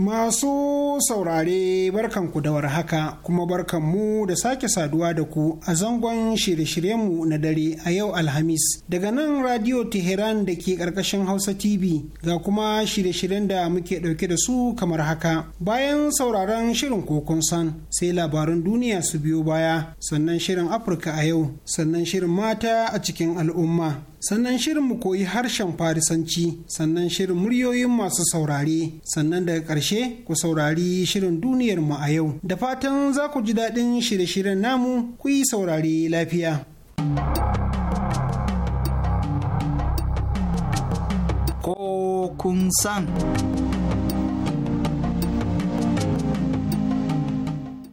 Masu saurare barkan ku da haka kuma barkanmu da sake saduwa da ku a zangon shirye-shiryenmu na dare a yau Alhamis daga nan Radio Teheran da ke ƙarƙashin Hausa TV ga kuma shirye-shiryen da muke ɗauke da su kamar haka. Bayan sauraron shirin kokon san sai labarun duniya su biyo baya sannan shirin Afirka a yau sannan shirin mata a cikin al'umma sannan shirin mu koyi harshen farisanci sannan shirin muryoyin masu saurare sannan daga ƙarshe ku saurari shirin duniyar mu a yau da fatan za ku ji daɗin shirye-shiryen namu ku yi saurare lafiya ko kun san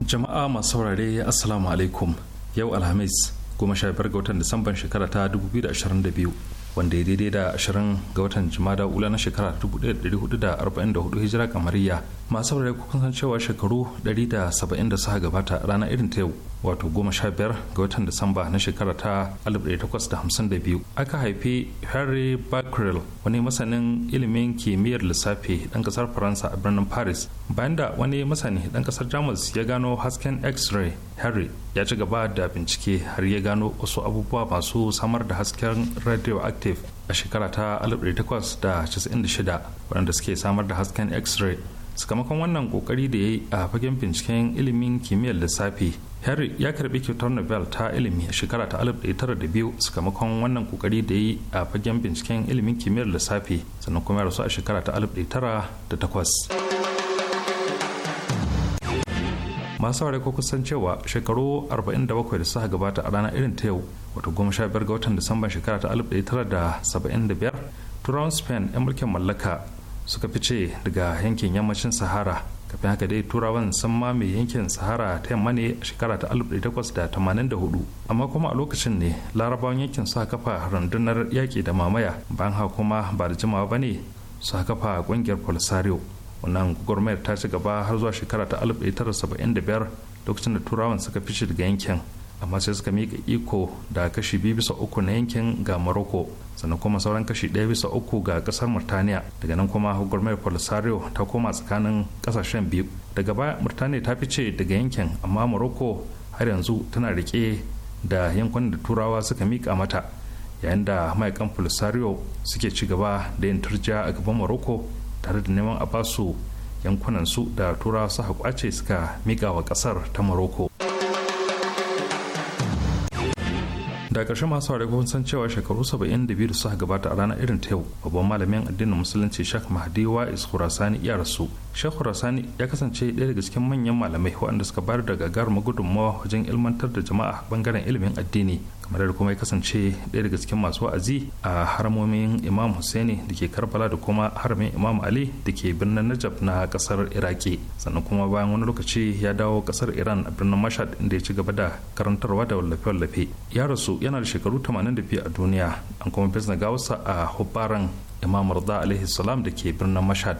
jama'a masu saurare assalamu alaikum yau alhamis goma sha biyar ga watan Disamban shekara ta 2022 wanda ya daidai da ashirin ga watan da Ula na shekara 1444 Hijira kamariya masu saurare kun san cewa shekaru 170 da suka gabata rana irin ta yau wato 15 ga watan disamba na shekara ta 1852 aka haifi harry becquerel wani masanin ilimin kimiyyar lissafi dan kasar faransa a birnin paris bayan da wani masani dan kasar jamus ya gano hasken x-ray harry ya ci gaba da bincike har ya gano wasu abubuwa masu samar da hasken radioactive a shekara ta 1896 waɗanda suke samar da hasken x-ray sakamakon wannan kokari da ya yi a fagen binciken ilimin kimiyyar lissafi henry ya karbi kyautar nobel ta ilimi a shekara ta 1902 sakamakon wannan kokari da ya yi a fagen binciken ilimin kimiyyar lissafi sannan kuma ya rasu a shekara ta 1908 masu ware ko kusan cewa shekaru 47 da suka gabata a ranar irin ta yau wato biyar ga watan disamban shekara ta 1975 turawan spain 'yan mulkin mallaka suka fice daga yankin yammacin sahara kafin haka dai turawan sun mame yankin sahara ta yamma ne a shekara ta 1884 amma kuma a lokacin ne larabawan yankin suka kafa rundunar yaƙi da mamaya bayan haka kuma ba da jimawa ba ne suka kafa ƙungiyar polisario wannan gwagwarmayar ta ci gaba har zuwa shekara ta 1975 lokacin da turawan suka fice daga yankin amma sai suka miƙa iko da kashi biyu bisa uku na yankin ga morocco sannan kuma sauran kashi ɗaya bisa uku ga ƙasar murtaniya daga nan kuma hukumar polisario ta koma tsakanin ƙasashen biyu daga baya murtaniya ta fice daga yankin amma morocco har yanzu tana rike da yankunan da turawa suka mika mata yayin da ma'aikan polisario suke ci gaba da yin turja a gaban morocco tare da neman a basu yankunan su da turawa su haƙwace suka mika wa ƙasar ta morocco da karshe masu ware kun san cewa shekaru 72 da suka gabata a ranar irin ta yau babban malamin addinin musulunci shak mahdi wa'is khurasani ya rasu shak khurasani ya kasance ɗaya daga cikin manyan malamai waɗanda suka bayar da gagarumar gudunmawa wajen ilmantar da jama'a bangaren ilimin addini kamar kuma ya kasance ɗaya daga cikin masu wa'azi a haramomin imam husaini da ke karbala da kuma haramin imam ali da ke birnin najab na kasar iraki sannan kuma bayan wani lokaci ya dawo kasar iran a birnin mashad inda ya ci gaba da karantarwa da wallafe-wallafe ya rasu yana da shekaru 82 a duniya an kuma bizna gawarsa a hubbaran imam rada alaihi salam da ke birnin mashad.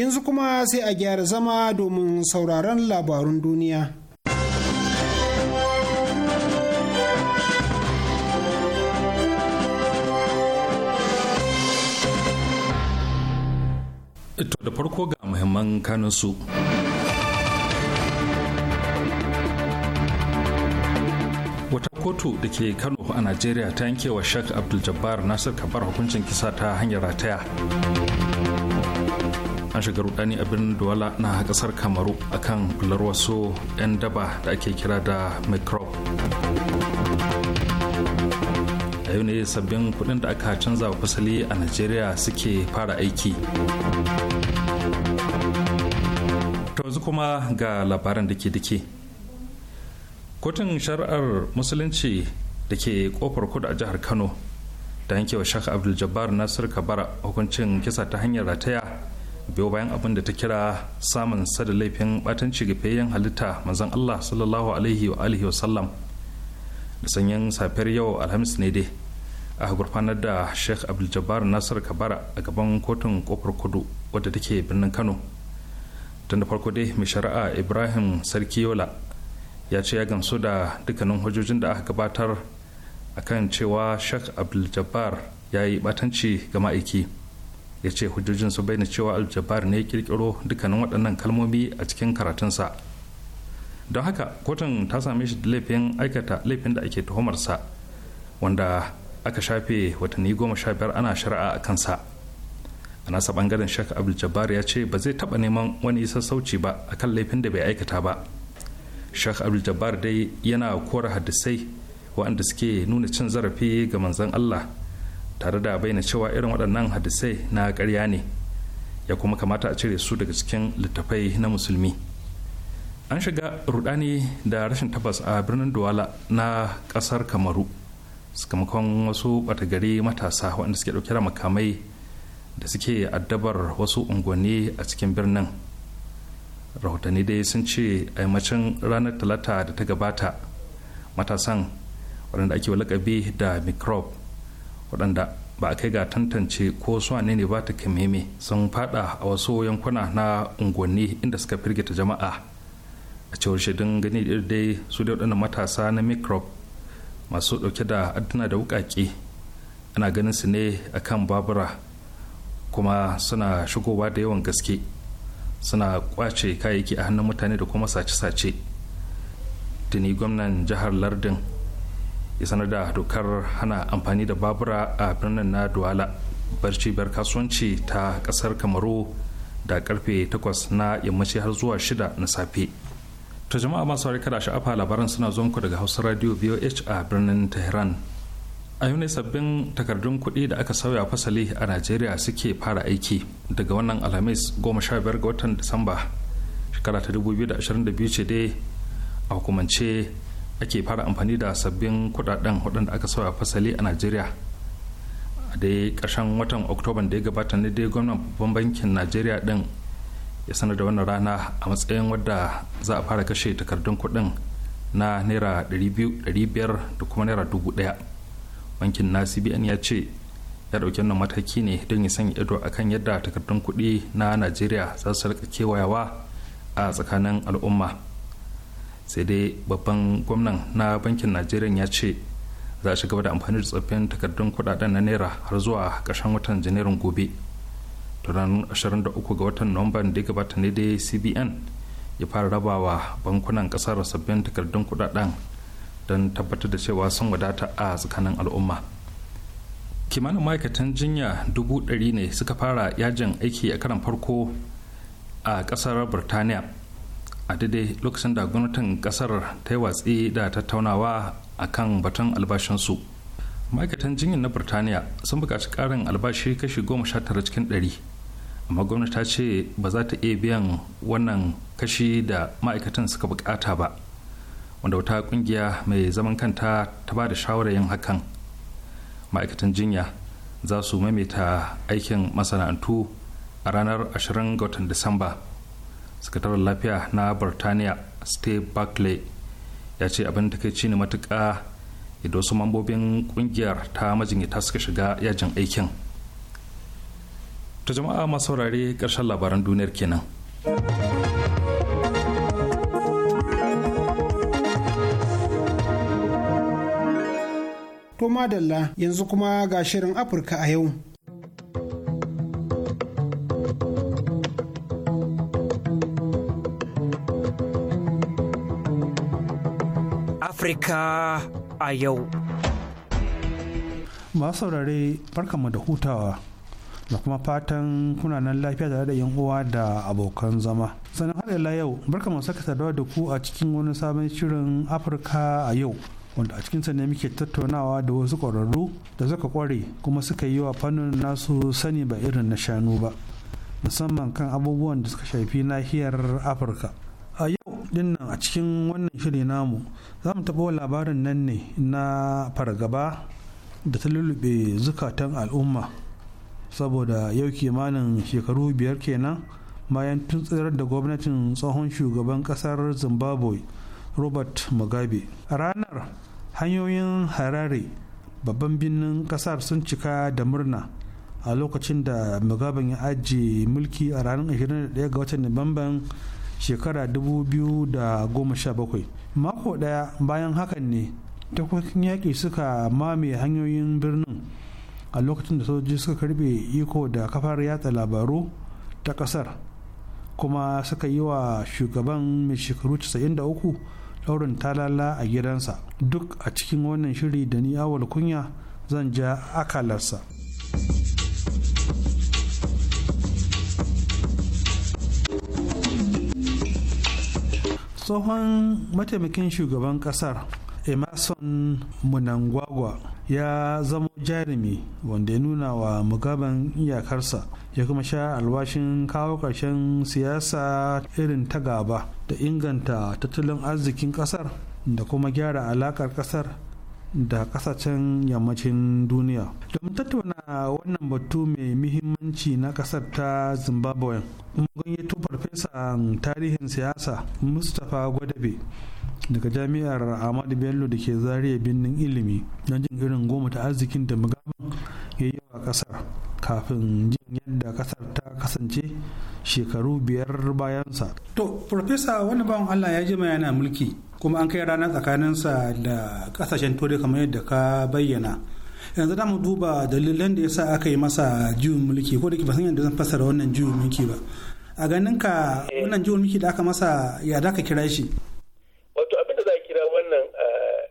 yanzu kuma sai a gyara zama domin sauraron labarun duniya. ito da farko ga muhimman kanunsu. Wata kotu da ke Kano a Najeriya ta yankewa Sheikh Abdul Jabbar Nasir Kabar hukuncin kisa ta hanyar rataya. an shiga rudani a birnin duwala na kasar kamaru akan kular wasu 'yan daba da ake kira da micro a yau ne sabbin kudin da aka canza wa fasali a nigeria suke fara aiki ta wanzu kuma ga labaran da ke dake kotun shari'ar musulunci da ke kofar kudu a jihar kano da yankewa shaka abdul jabbar nasir kabara hukuncin kisa ta hanyar rataya biyo bayan abin da ta kira samun sada laifin batanci ga fayyan halitta manzon Allah sallallahu alaihi wa alihi wa sallam da sanyin safiyar yau alhamis ne dai a gurfanar da Sheikh Abdul Jabbar Nasir Kabara a gaban kotun kofar kudu wadda take birnin Kano tun da farko dai mai shari'a Ibrahim Sarki Yola ya ce ya gamsu da dukkanin hujjojin da aka gabatar akan cewa Sheikh Abdul Jabbar ya yi batanci ga ma'aiki. ya ce hujjojin su bayyana cewa aljabar ne ya kirkiro dukkanin waɗannan kalmomi a cikin karatunsa don haka kotun ta same shi da laifin aikata laifin da ake tuhumarsa wanda aka shafe watanni goma sha biyar ana shari'a a kansa a nasa bangaren shek abdul jabbar ya ce ba zai taɓa neman wani sassauci ba akan laifin da bai aikata ba shek abdul jabbar dai yana kora hadisai waɗanda suke nuna cin zarafi ga manzon allah tare da bayyana cewa irin waɗannan hadisai na ƙarya ne ya kuma kamata a cire su daga cikin littafai na musulmi an shiga rudani da rashin tabbas a birnin duwala na ƙasar kamaru sakamakon wasu ɓatagari matasa waɗanda suke ɗauke da makamai da suke addabar wasu unguwanni a cikin birnin rahotanni dai sun ce aimacin ranar talata da ta gabata matasan waɗanda ake lakabi da microbe waɗanda ba a kai ga tantance ko su ne ne ba ta kimeme sun fada a wasu yankuna na unguwanni inda suka firgita jama'a a cewar shaidun gani da dai su da waɗannan matasa na microbe masu ɗauke da adduna da wuƙaƙe ana ganin su ne a kan babura kuma suna shigowa da yawan gaske suna kwace kayayyaki a hannun mutane da kuma sace-sace tuni gwamnan jihar lardin ya sanar da dokar hana amfani da babura a birnin na barci biyar kasuwanci ta kasar kamaru da karfe 8 na yammaci har zuwa 6 na safe to jama'a masu kada sha'afa labaran suna zuwan muku daga hausa radio voh a birnin tehran a yau sabbin takardun kuɗi da aka sauya fasali a najeriya suke fara aiki daga wannan alhamis 15 ga watan disamba shekara ta 2022 ce dai a hukumance ake fara amfani da sabbin kudaden waɗanda aka sauya fasali a najeriya a dai ƙarshen watan oktoban da ya gabata ne dai gwamnan babban bankin najeriya din ya sanar da wannan rana a matsayin wadda za a fara kashe takardun kuɗin na naira 200 da kuma naira dubu 1000 bankin na cbn ya ce ya ɗauki wannan mataki ne don ya sanya ido akan yadda takardun kuɗi na najeriya za su rika kewayawa a tsakanin al'umma sai dai babban gwamnan na bankin najeriya ya ce za a ci gaba da amfani da tsoffin takardun kudaden na naira har zuwa ƙarshen watan janairun gobe da ranar 23 ga watan nuwamban da ya gabata ne dai cbn ya fara rabawa bankunan kasar sabbin takardun kudaden don tabbatar da cewa sun wadata a tsakanin al'umma kimanin ma'aikatan jinya dubu ɗari ne suka fara yajin aiki a karan farko a ƙasar birtaniya a daidai lokacin da gwamnatin kasar ta yi watsi da tattaunawa a kan batun albashinsu ma'aikatan jinyar na birtaniya sun buƙaci ƙarin albashi kashi goma sha tara cikin ɗari amma gwamnati ta ce ba za ta iya biyan wannan kashi da ma'aikatan suka buƙata ba wanda wata ƙungiya mai zaman kanta ta ba da shawarar yin hakan ma'aikatan jinya za su maimaita aikin masana'antu a ranar 20 ga watan disamba sakataren lafiya na birtaniya steve barclay ya ce abin takaici ne matuƙa idan wasu mambobin kungiyar ta majinyata suka shiga yajin aikin ta jama'a masu saurare ƙarshen labaran duniyar kenan to madalla yanzu kuma ga shirin afirka a yau Afirka a yau. Masu saurare barkanmu da hutawa da kuma fatan kuna nan lafiya da da yan uwa da abokan zama. Sannan har ila yau barkanmu saka saduwa da ku a cikin wani sabon shirin Afirka a yau. wanda a cikinsa ne muke tattaunawa da wasu ƙwararru da suka ƙware kuma suka yi wa fannin nasu sani ba irin na shanu ba musamman kan abubuwan da suka shafi nahiyar afirka a yau dinnan a cikin wannan shiri namu za mu taɓa labarin nan ne na fargaba da ta lulluɓe zukatan al'umma saboda yau kimanin shekaru biyar kenan bayan tun tsirar da gwamnatin tsohon shugaban ƙasar zimbabwe robert mugabe a ranar hanyoyin harare babban birnin ƙasar sun cika da murna a lokacin da mugabe ya ajiye mulki a ranar 21 ga watan nuwamban shekara 2017 mako daya bayan hakan ne takwakin yaƙi suka mame hanyoyin birnin a lokacin da sojoji suka karbe iko da kafar yatsa labaru ta ƙasar kuma suka yi wa shugaban mai shekaru 93 laurin talala a gidansa duk a cikin wannan shiri da ni awal kunya zan ja akalarsa. tsohon mataimakin shugaban kasar emerson munangwagwa ya zamo jarumi wanda ya nuna wa mugaban iyakarsa ya kuma sha alwashin kawo ƙarshen siyasa irin ta gaba da inganta tattalin arzikin kasar da kuma gyara alakar kasar da kasashen yammacin duniya domin tattauna wannan batu mai muhimmanci na kasar ta zimbabwe mun yato farfesan tarihin siyasa mustapha gwadabe daga jami'ar ahmadu bello da ke zariya birnin ilimi don jin irin goma ta arzikin da mugaban ya yi wa kasar kafin jin yadda kasar ta kasance shekaru biyar bayansa to farfesa wani bawan allah ya ji yana mulki kuma an kai rana tsakaninsa da kasashen turai kamar yadda ka bayyana yanzu da mu duba dalilan da yasa aka yi masa juyin mulki ko da ke basan yadda zan fassara wannan juyin mulki ba a ganin ka wannan juyin mulki da aka masa ya da ka kira shi wato abin da za a kira wannan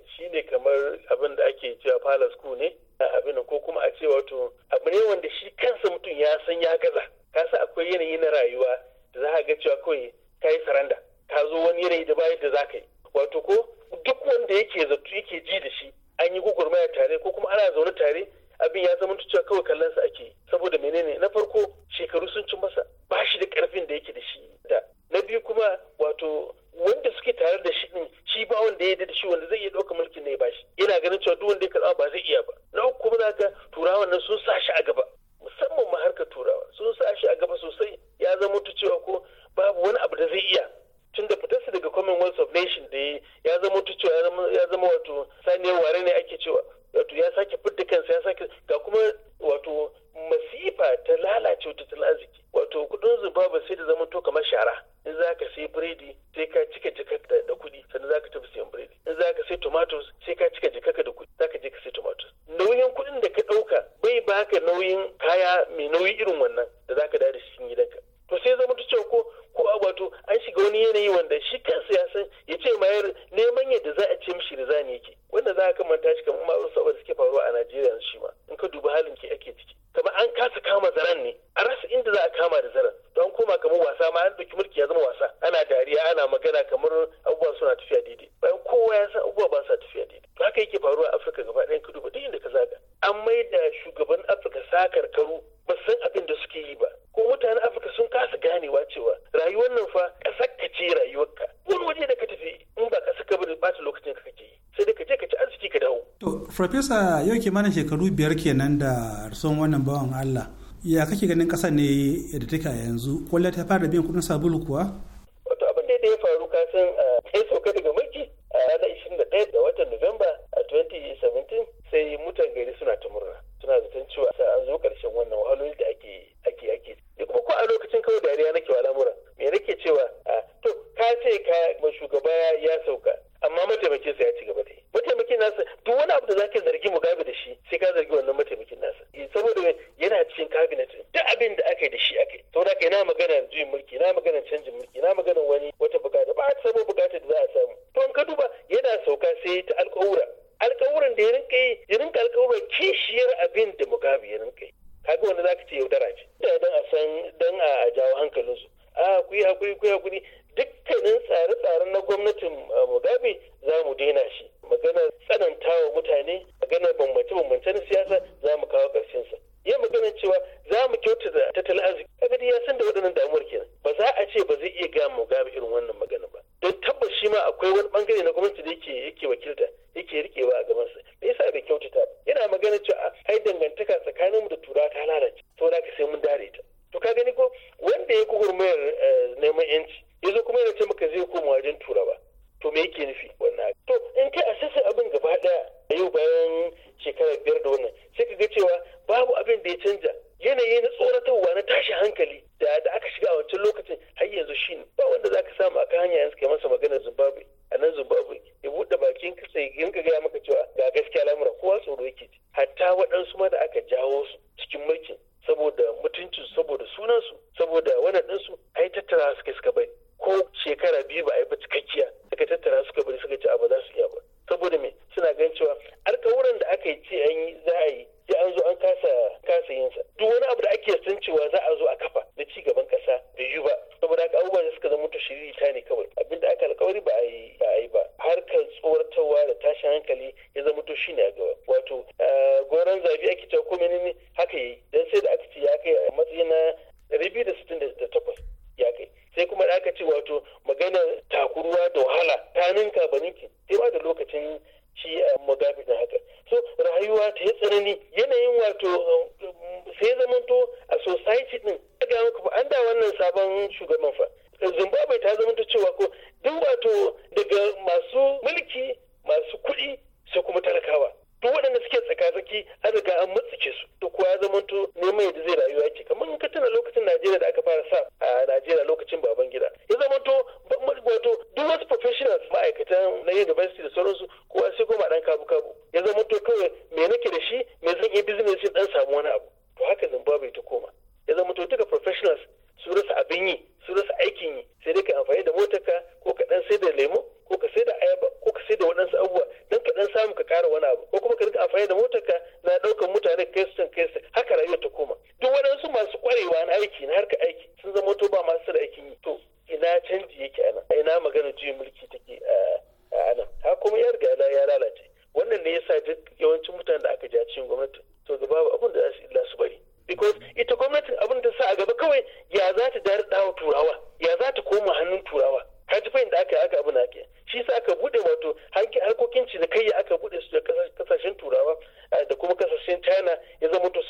shi ne kamar abin da ake cewa palace ku ne abin ko kuma a ce wato abu ne wanda shi kansa mutum ya san ya gaza ka sa akwai yanayi na rayuwa da za ka ga cewa kawai ka yi saranda ka zo wani yanayi da bayan da za ka yi wato ko duk wanda yake zato yake ji da shi an yi gugurmaya tare ko kuma ana zaune tare abin ya zama cewa kawai kallon sa ake saboda menene na farko shekaru sun ci masa ba shi da karfin da yake da shi da na biyu kuma wato wanda suke tare da shi din shi ba wanda ya da shi wanda zai iya ɗaukar mulkin ne ba shi yana ganin cewa duk wanda ya karɓa ba zai iya ba na uku kuma zaka turawa nan sun sa shi a gaba musamman ma harkar turawa sun sa shi a gaba sosai ya zama cewa ko babu wani abu da zai iya tun da su daga commonwealth of nation da ya zama wato ya zama wato saniyar ware ne ake cewa wato ya sake fidda kansa ya sake ga kuma wato masifa ta lalace tattalin arziki wato kudin zimbabwe sai da zama to kamar shara in za ka sai biredi sai ka cika jikaka da kuɗi sannan za ka tafi siyan biredi in za ka sai tomatoes sai ka cika jikaka da kuɗi za ka je ka sai tomatoes nauyin kuɗin da ka ɗauka bai baka nauyin kaya mai nauyi irin wannan da za ka dawo shi cikin gidanka to sai zama ta cewa ko ko wato an shiga wani yanayi wanda shi kansa ya san ya ce ma neman yadda za a ce mishi rizani yake wanda za a kamanta shi kamar ma'aurin saboda suke faruwa a Najeriya shi ma in ka duba halin ke ake ciki kamar an kasa kama zaren ne a rasa inda za a kama da zaren to an koma kamar wasa ma an ɗauki mulki ya zama wasa ana dariya ana magana kamar abubuwa suna tafiya daidai bayan kowa ya san abubuwa ba sa tafiya daidai to haka yake faruwa a Afirka gaba ɗayan ka duba duk inda ka zaga an maida shugaban Afirka sakar karkaru. ba san abin da suke yi ba ko mutanen afirka sun kasa ganewa cewa rayuwar nan fa ƙasar ka ce ka wani waje da ka tafi in ba ƙasar ka bane ta lokacin ka kake yi sai dai ka je ka ci arziki ka dawo. to farfesa yau ke mana shekaru biyar kenan da son wannan bawan allah ya kake ganin ƙasar ne da take a yanzu kwallo ta fara biyan kuɗin sabulu kuwa. wato abin da ya faru ka san sai ah, sauka daga mulki a ranar 21 ga watan nuwamba a 2017 sai mutan gari suna ta murna suna tun cewa an zo ƙarshen wannan wahalolin da ake ake ake da kuma ko a lokacin kawai dariya nake wa al'amura me nake cewa a to ka ce ka shugaba ya sauka amma mataimakin sa ya ci gaba da yi mataimakin nasa duk wani abu da zaka zargi Mugabe da shi sai ka zargi wannan mataimakin nasa eh, saboda yana cikin cabinet duk abin da aka yi da shi aka yi saboda kai na magana juyin mulki na magana canjin mulki na magana wani wata bukata ba a samu bukatar da za a samu to in ka duba yana sauka sai ta alƙawura alkawuran da ya rinka yi ya alkawuran kishiyar abin da mugabe ya rinka yi kaga wanda zaka ce yaudara ce da dan a san dan a jawo su a ku yi hakuri ku yi hakuri dukkanin tsare-tsaren na gwamnatin eh, mugabe za mu daina shi magana tsananta wa mutane magana bambance-bambance siyasa za mu kawo ƙarshen sa ya maganar cewa za mu kyautata tattalin arziki kaga ya san da waɗannan damuwar kenan ba za a ce ba zai iya ga mugabe irin wannan magana ba don tabbas shi ma akwai wani bangare na gwamnati da yake yake wakilta yake rikewa a gaban sa me yasa bai kyautata ba yana magana cewa ai dangantaka tsakanin mu da tura ta lalace to da ka sai mun dare ta to ka gani ko wanda ya mai eh, neman yanci ya zo kuma yana ce maka zai koma wajen tura ba to me yake nufi wannan to in kai a sassa abin gaba daya yau bayan shekara biyar da wannan sai ka ga cewa babu abin da ya canja yanayi na tsoratarwa na tashi hankali da aka shiga a wancan lokacin har yanzu shi ne ba wanda za ka samu akan hanya yanzu masa magana Zimbabwe a nan Zimbabwe ya buɗe bakin kasa ya rinka gaya maka cewa ga gaskiya lamura kowa tsoro yake ji hatta waɗansu ma da aka jawo su cikin mulkin saboda mutuncin saboda sunansu saboda wannan ɗinsu ai tattara suka suka bai ko shekara biyu ba a yi ba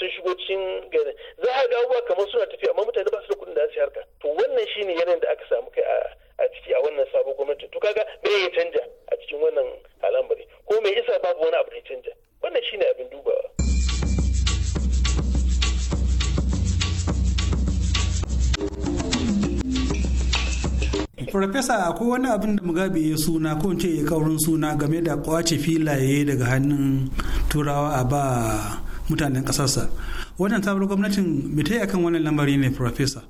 ya shigo cikin za a ga abubuwa kamar suna tafiya amma mutane ba su da kuɗin da su harka to wannan shine yanayin da aka samu kai a ciki a wannan sabon gwamnati to kaga me ya canja a cikin wannan al'amari ko me yasa babu wani abu da ya canja wannan shine abin dubawa farfesa ko wani abin da mugabe ya suna ko ce ya kaurin suna game da kwace filaye daga hannun turawa a ba mutanen kasarsa wannan sabuwar gwamnatin mitai akan wannan lamari ne farfesa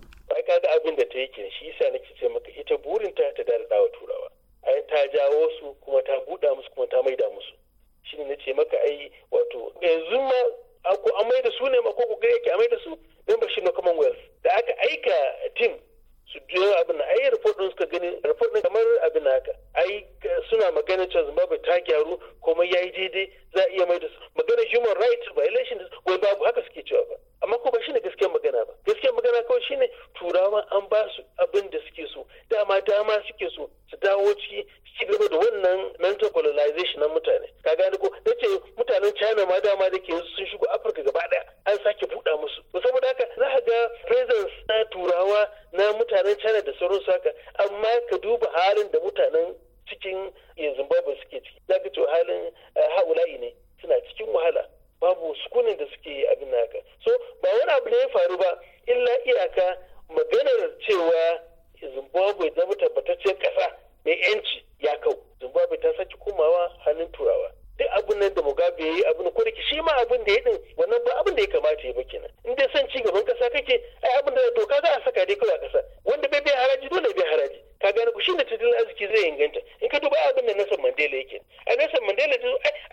inganta in ka duba abin da Mandela yake a Nelson Mandela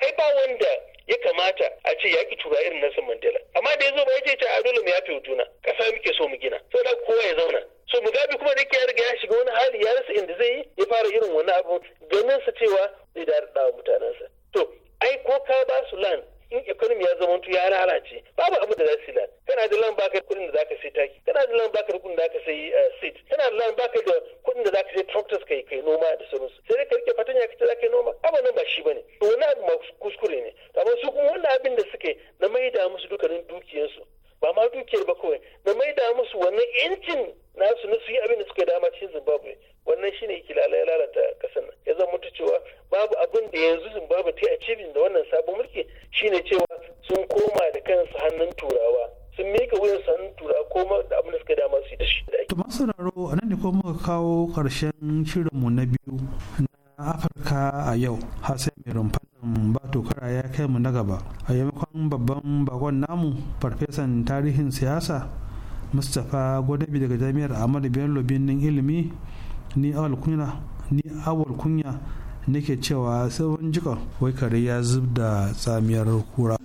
ai ba wanda ya kamata a ce ya ki tura irin Nelson Mandela amma da ya zo ba ya ce a dole mu ya yafe juna kasa muke so mu gina da kowa ya zauna so mu gabi kuma da ke riga ya shiga wani hali ya rasa inda zai yi ya fara irin wani abu ganin sa cewa zai da mutanen mutanensa to ai ko ka ba su land in economy ya zama ya lalace babu abu da za su lalace kana da lan baka kudin da zaka sai taki kana da lan baka kudin da zaka sai eh, seed kana da lan baka da kudin da zaka sai tractors kai kai noma da su sai dai ka rike fatanya kace zaka yi noma abin nan ba shi bane to wannan abu kuskure ne amma su kuma wannan abin da suke na maida musu dukkanin su ba ma dukiyar ba kawai na maida musu wannan yancin nasu na su yi abin da suka dama cikin Zimbabwe wannan shine yake lalata kasar nan ya zama mutu cewa babu abin da yanzu zimbabwe ta achieving da wannan sabon mulki shine cewa sun koma da kansu hannun turawa sun mika wuyan hannun turawa ko da abin da suka dama su da shi to masu raro a nan ne ko muka kawo karshen mu na biyu na afirka a yau har sai mai rumfa ba tokara ya kai mu na gaba a yamakon babban bakon namu farfesan tarihin siyasa mustapha gwadabi daga jami'ar ahmadu bello birnin ilimi ni awal kunya ni awal kunya nake cewa sabon jika wai kare ya zub da tsamiyar kura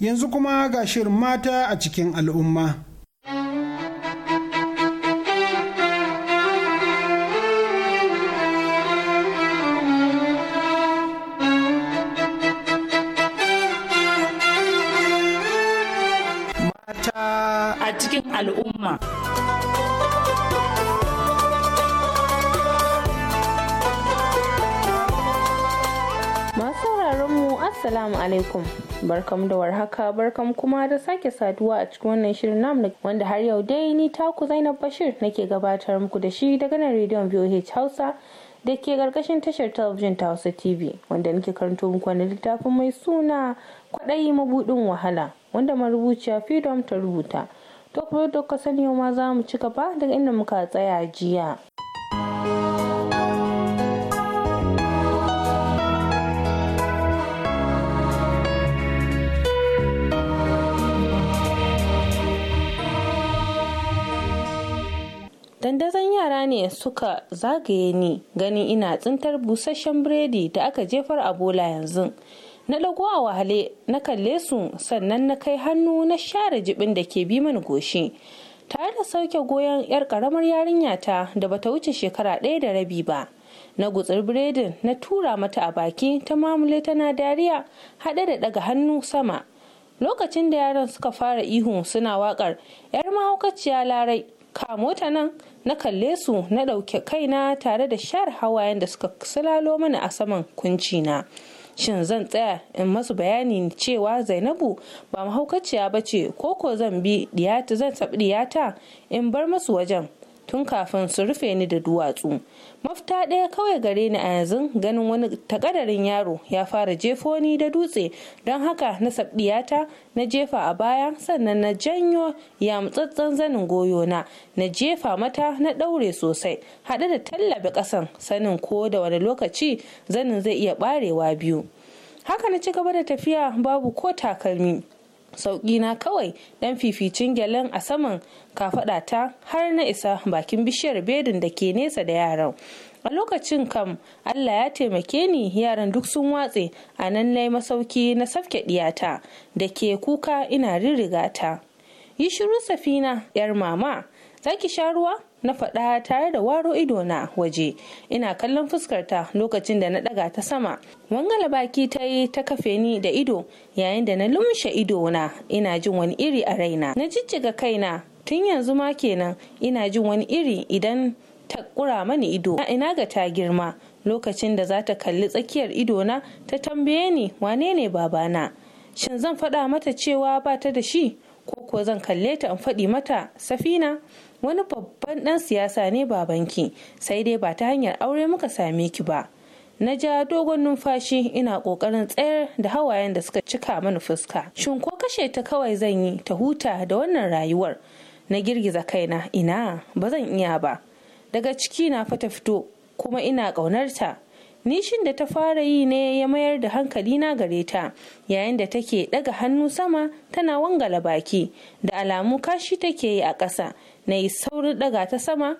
yanzu kuma ga shirin mata a cikin al'umma cikin al'umma masu mu assalamu alaikum barkam da warhaka barkam kuma da sake saduwa a cikin wannan shirin namu wanda har yau dai ni taku zainab bashir nake gabatar muku da shi daga nan rediyon voh hausa da ke karkashin tashar talabijin ta Hausa TV wanda nake karanto muku wani littafin mai suna kwaɗayi mabuɗin wahala wanda marubuciya Freedom ta rubuta To kuma yadda ka sani yau ma za mu ci gaba daga inda muka tsaya jiya. dandazon yara ne suka zagaye ni ganin ina tsintar busasshen biredi da aka jefar a bola yanzu na ɗago a wahale na kalle su sannan na kai hannu na share jibin da ke bi mani goshi tare da sauke goyon 'yar karamar yarinya ta da bata wuce shekara ɗaya da rabi ba na gutsar biredin na tura mata a baki ta mamule tana dariya haɗe da ɗaga hannu sama lokacin da yaran suka fara ihu suna waƙar 'yar mahaukaciya larai kamo ta nan na kalle su na ɗauke kaina tare da share hawayen da suka silalo mana a saman kuncina. na shin zan tsaya in masu bayani cewa zainabu ba mahaukaciya ba ce ko ko zan bi diyata zan tabi diyata in bar masu wajen tun kafin su rufe ni da duwatsu Mafta ɗaya kawai gare ni a yanzu ganin wani takadarin yaro ya fara jefo ni da dutse don haka na sabdiyata na jefa a baya sannan na janyo yamtsatsen zanin goyo na na jefa mata na ɗaure sosai haɗe da tallabe ƙasan sanin ko da wani lokaci zanin zai iya ɓarewa biyu haka na ci gaba da tafiya babu ko takalmi sauƙi na kawai dan fificin gyalen a saman kafaɗata har na isa bakin bishiyar bedin da ke nesa da yaran a lokacin kam allah ya taimake ni yaran duk sun watse a nan na masauki na safke ɗiyata da ke kuka ina ririgata. ta yi shiru safina yar mama za ki sha ruwa na faɗa tare da waro ido na waje ina kallon fuskarta lokacin da na ɗaga ta sama wangala baki ta yi ta kafe ni da ido yayin da na lumshe ido na ina jin wani iri a raina na jijjiga kaina tun yanzu ma kenan ina jin wani iri idan ta ƙura mani ido ina ga ta girma lokacin da za ta kalli tsakiyar idona ta tambaye ni wane ne babana shin zan faɗa mata cewa ba ta da shi ko ko zan kalle ta in faɗi mata safina wani babban dan siyasa ne babanki sai dai ba ta hanyar aure muka same ki ba na ja dogon numfashi ina kokarin tsayar da hawayen da suka cika mana fuska shin ko kashe ta kawai zan yi ta huta da wannan rayuwar na girgiza kaina ina ba zan iya ba daga ciki na fata fito kuma ina ƙaunarta nishin da ta fara yi ne ya mayar da hankali na gare ta yayin da take daga hannu sama tana wangala baki da alamu kashi take yi a ƙasa na yi saurin daga ta sama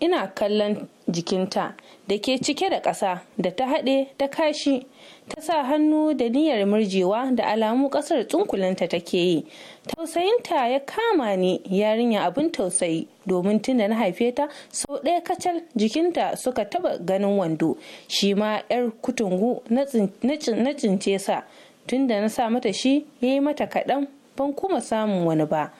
ina kallon jikinta da ke cike da ƙasa da ta haɗe ta kashi ta sa hannu da niyyar murjewa da alamu ƙasar tsunkulanta take yi tausayinta ya kama ni yarinya abin tausayi domin tunda na haife ta sau ɗaya kacal jikinta suka taɓa ganin wando shi ma 'yar kutungu na cince sa tunda na sa mata shi ya yi mata kaɗan ban kuma samun wani ba.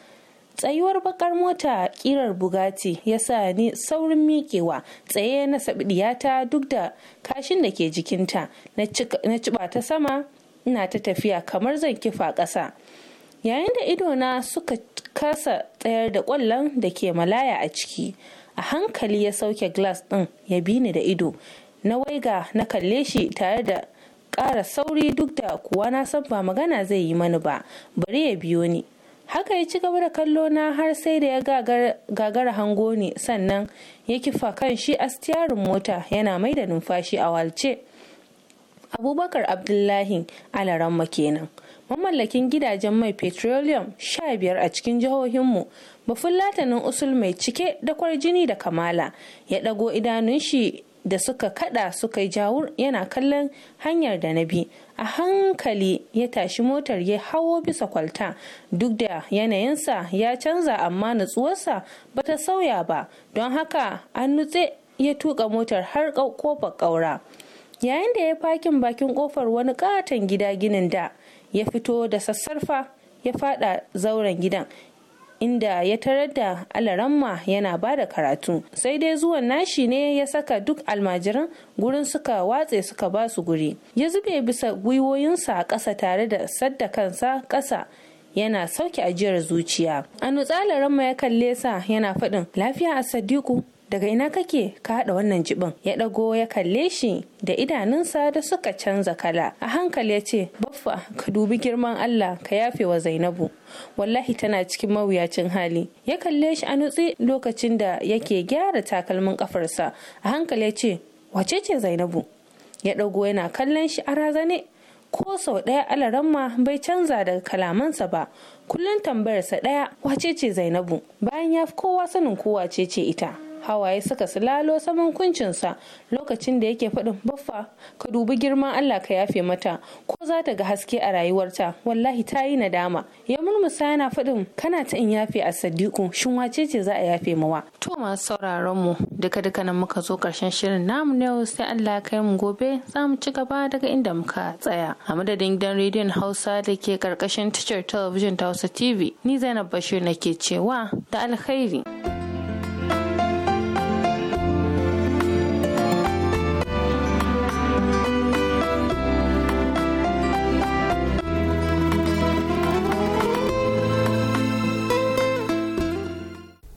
tsayuwar bakar mota kirar bugatti ya sa ni saurin miƙewa tsaye na sabidiyata duk da kashin da ke jikinta na ciba ta sama ina ta tafiya kamar zan kifa ƙasa yayin da idona suka kasa tsayar da ƙwallon da ke malaya a ciki a hankali ya sauke glass ɗin ya bi ni da ido na waiga na kalle shi tare da ƙara sauri duk da kuwa na san ba magana zai yi mani ba bari ya biyo ni haka ya ci gaba da kallo na har sai da ya gagara hango ne sannan ya kifa kan shi a stiyarin mota yana mai da numfashi a walce abubakar abdullahi alaramma kenan mamallakin gidajen mai petroleum sha biyar a cikin jihohinmu bafin latanin usul mai cike da kwarjini da kamala ya ɗago idanun shi da suka kada suka yi jawur yana kallon hanyar da na bi a hankali ya tashi motar ya hawo bisa kwalta duk da yanayinsa ya canza amma natsuwarsa ba ta sauya ba don haka an nutse ya tuka motar har kofar ƙaura yayin da ya fakin bakin kofar wani katon gida ginin da ya fito da sassarfa ya fada zauren gidan inda ya tarar da alaramma yana ba da karatu sai dai zuwan nashi ne ya saka duk almajiran gurin suka watse suka ba su guri ya zube bisa gwiwoyinsa a ƙasa tare da sadda kansa ƙasa yana sauke ajiyar zuciya a nutsa, alaramma ya kalle sa yana faɗin lafiya a sadiku daga ina kake ka haɗa wannan jibin ya dago ya kalle shi da idanunsa da suka canza kala a hankali ya ce baffa ka dubi girman allah ka yafe wa zainabu wallahi tana cikin mawuyacin hali ya kalle shi a nutsi lokacin da yake gyara takalmin kafarsa a hankali ya ce wace ce zainabu ya dago yana kallon shi a razane ko sau ɗaya alaramma bai canza daga kalamansa ba kullum tambayarsa ɗaya wace ce zainabu bayan ya fi kowa sanin kowa ce ita hawaye suka silalo saman kuncinsa lokacin da yake faɗin baffa ka dubi girman allah ka yafe mata ko za ta ga haske a rayuwarta wallahi ta yi nadama ya murmusa yana faɗin kana ta in yafe a sadiku shin wace ce za a yafe mawa to masu sauraron mu duka duka nan muka zo karshen shirin namu na yau sai allah kai mu gobe za mu ci gaba daga inda muka tsaya a madadin gidan rediyon hausa da ke karkashin tashar talabijin ta hausa tv ni zainab bashir nake cewa da alkhairi.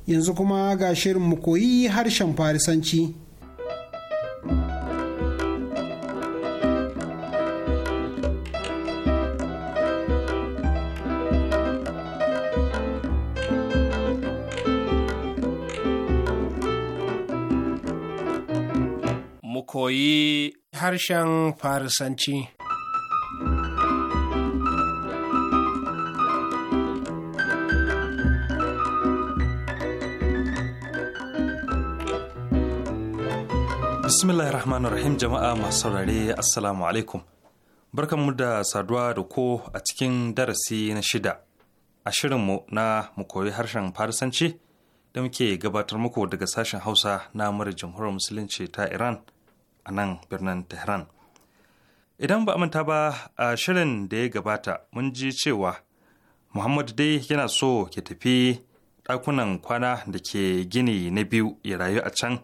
yanzu kuma ga shirin mu koyi harshen farisanci mu koyi harshen farisanci Bismillahir Rahmanir Rahim jama'a masu saurare Assalamu alaikum. mu da saduwa da ko a cikin darasi na shida a shirinmu na mu koyi harshen Farisanci da muke gabatar muku daga sashen Hausa na mura Jamhuriyar Musulunci ta Iran a nan birnin Tehran. Idan ba manta ba a shirin da ya gabata mun ji cewa Muhammadu dai yana so ya tafi ɗakunan kwana da ke gini na biyu ya rayu a can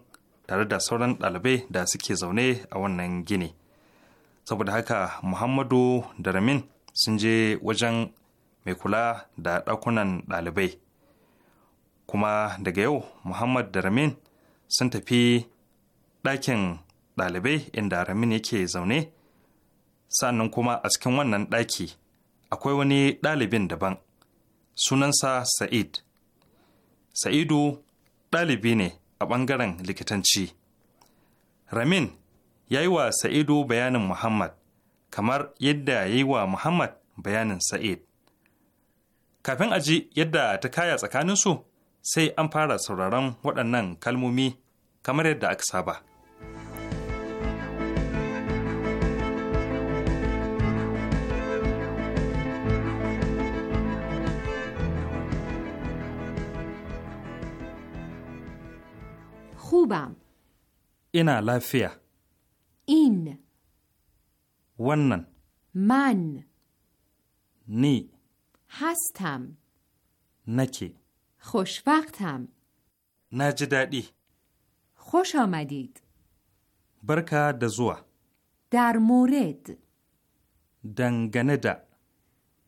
tare da sauran ɗalibai da suke zaune a wannan gini saboda haka muhammadu da ramin sun je wajen mai kula da ɗakunan ɗalibai kuma daga yau muhammad da ramin sun tafi ɗakin ɗalibai inda ramin yake zaune sannan kuma a cikin wannan ɗaki akwai wani ɗalibin daban sunansa sa'id sa'idu ɗalibi ne a ɓangaren likitanci. Ramin ya yi wa Sa'idu bayanin Muhammad, kamar yadda ya yi wa Muhammad bayanin Sa'id. Kafin a ji yadda ta kaya tsakaninsu, sai an fara sauraron waɗannan kalmomi kamar yadda aka saba. tubam. Ina lafiya. In. Wannan. Man. Ni. Hastam. Nake. Khoshbaqtam. Na ji daɗi. Khosh amadid. Barka da zuwa. Dar mored. Dangane da.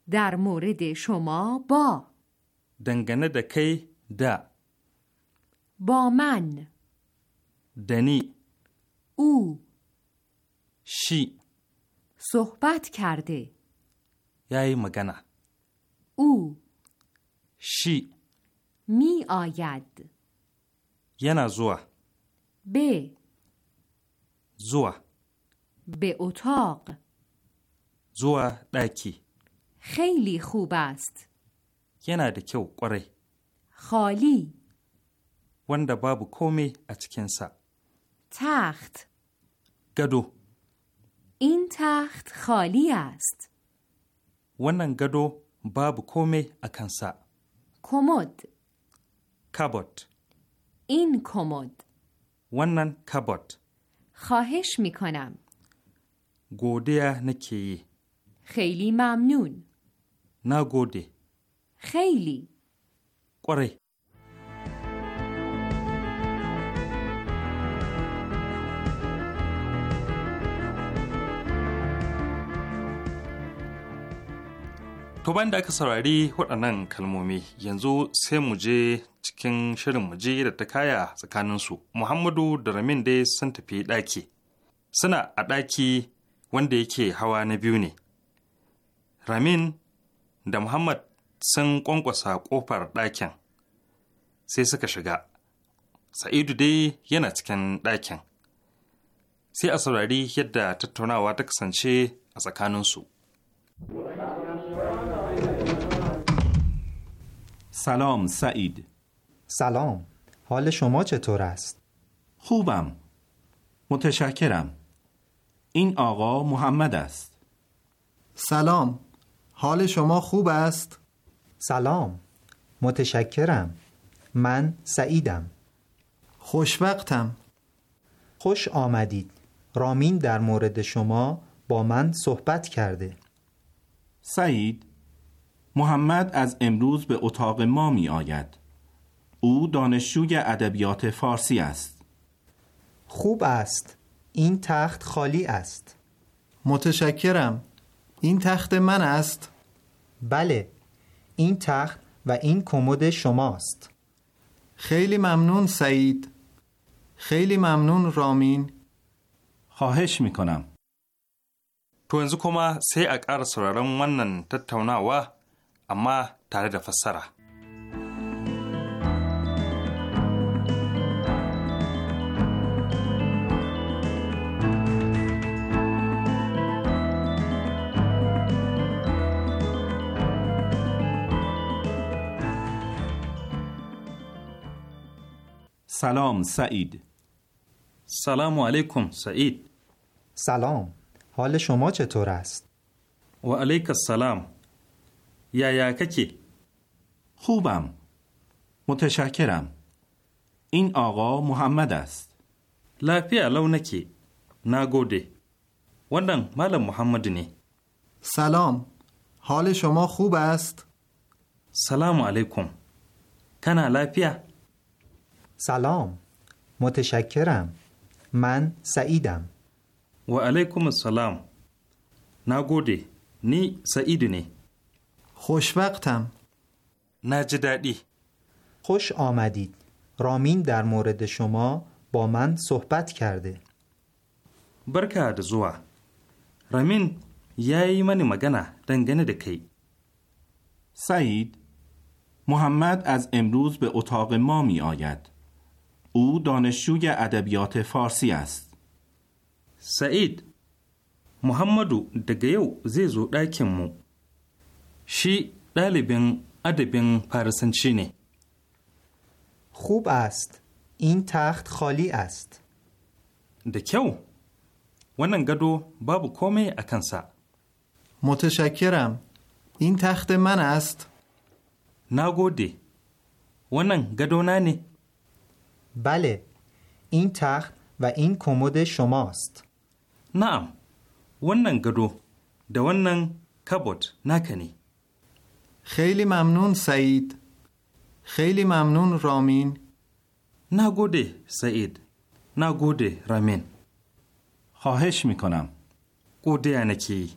Dar mored shoma ba. Dangane da kai da. boman. دنی او شی صحبت کرده یای مگنه او شی می آید ینا زوا ب زوا به اتاق زوا دکی خیلی خوب است ینا دکیو قره خالی ونده بابو کومی اتکنسا تخت گدو این تخت خالی است ونن گدو باب کومه اکنسا کمد کبوت این کمد ونن کبوت خواهش میکنم گوده نکی خیلی ممنون گوده خیلی قره To bayan aka saurari waɗannan kalmomi yanzu sai mu je cikin shirin mu je da ta kaya tsakaninsu. Muhammadu da Ramin dai sun tafi ɗaki. Suna a ɗaki wanda yake hawa na biyu ne. Ramin da Muhammad sun ƙwanƙwasa ƙofar ɗakin sai suka shiga. Sa'idu dai yana cikin ɗakin. Sai a saurari yadda tattaunawa ta kasance a tsakaninsu. سلام سعید سلام حال شما چطور است؟ خوبم متشکرم این آقا محمد است سلام حال شما خوب است؟ سلام متشکرم من سعیدم خوشوقتم خوش آمدید رامین در مورد شما با من صحبت کرده سعید محمد از امروز به اتاق ما می آید. او دانشجوی ادبیات فارسی است. خوب است. این تخت خالی است. متشکرم. این تخت من است. بله. این تخت و این کمد شماست. خیلی ممنون سعید. خیلی ممنون رامین. خواهش می کنم. تو انزو کما سی اکار منن ونن و. اما tare da سلام سعید سلام علیکم سعید سلام حال شما چطور است؟ و علیک السلام یا یا ککی خوبم متشکرم این آقا محمد است لافیا لونکی نگوده وندن مال محمد نی سلام حال شما خوب است سلام علیکم کنا لافیا سلام متشکرم من سعیدم و علیکم السلام نگوده نی سعید نی خوشوقتم نجددی خوش آمدید رامین در مورد شما با من صحبت کرده برکه زوا رامین یای منی مگنا دکی دکی. سعید محمد از امروز به اتاق ما می آید او دانشجوی ادبیات فارسی است سعید محمدو دگیو زیزو زیزو شی دالبین ادبین پارسنچی نه خوب است این تخت خالی است دکیو wannan gado babu komai a kansa. متشکرم. این تخت من است. نگوده. wannan gado na ne. بله. این تخت و این کمد شماست. نعم. wannan gado da wannan kabot naka ne. خیلی ممنون سعید خیلی ممنون رامین نگوده سعید نگوده رامین خواهش میکنم گوده انکی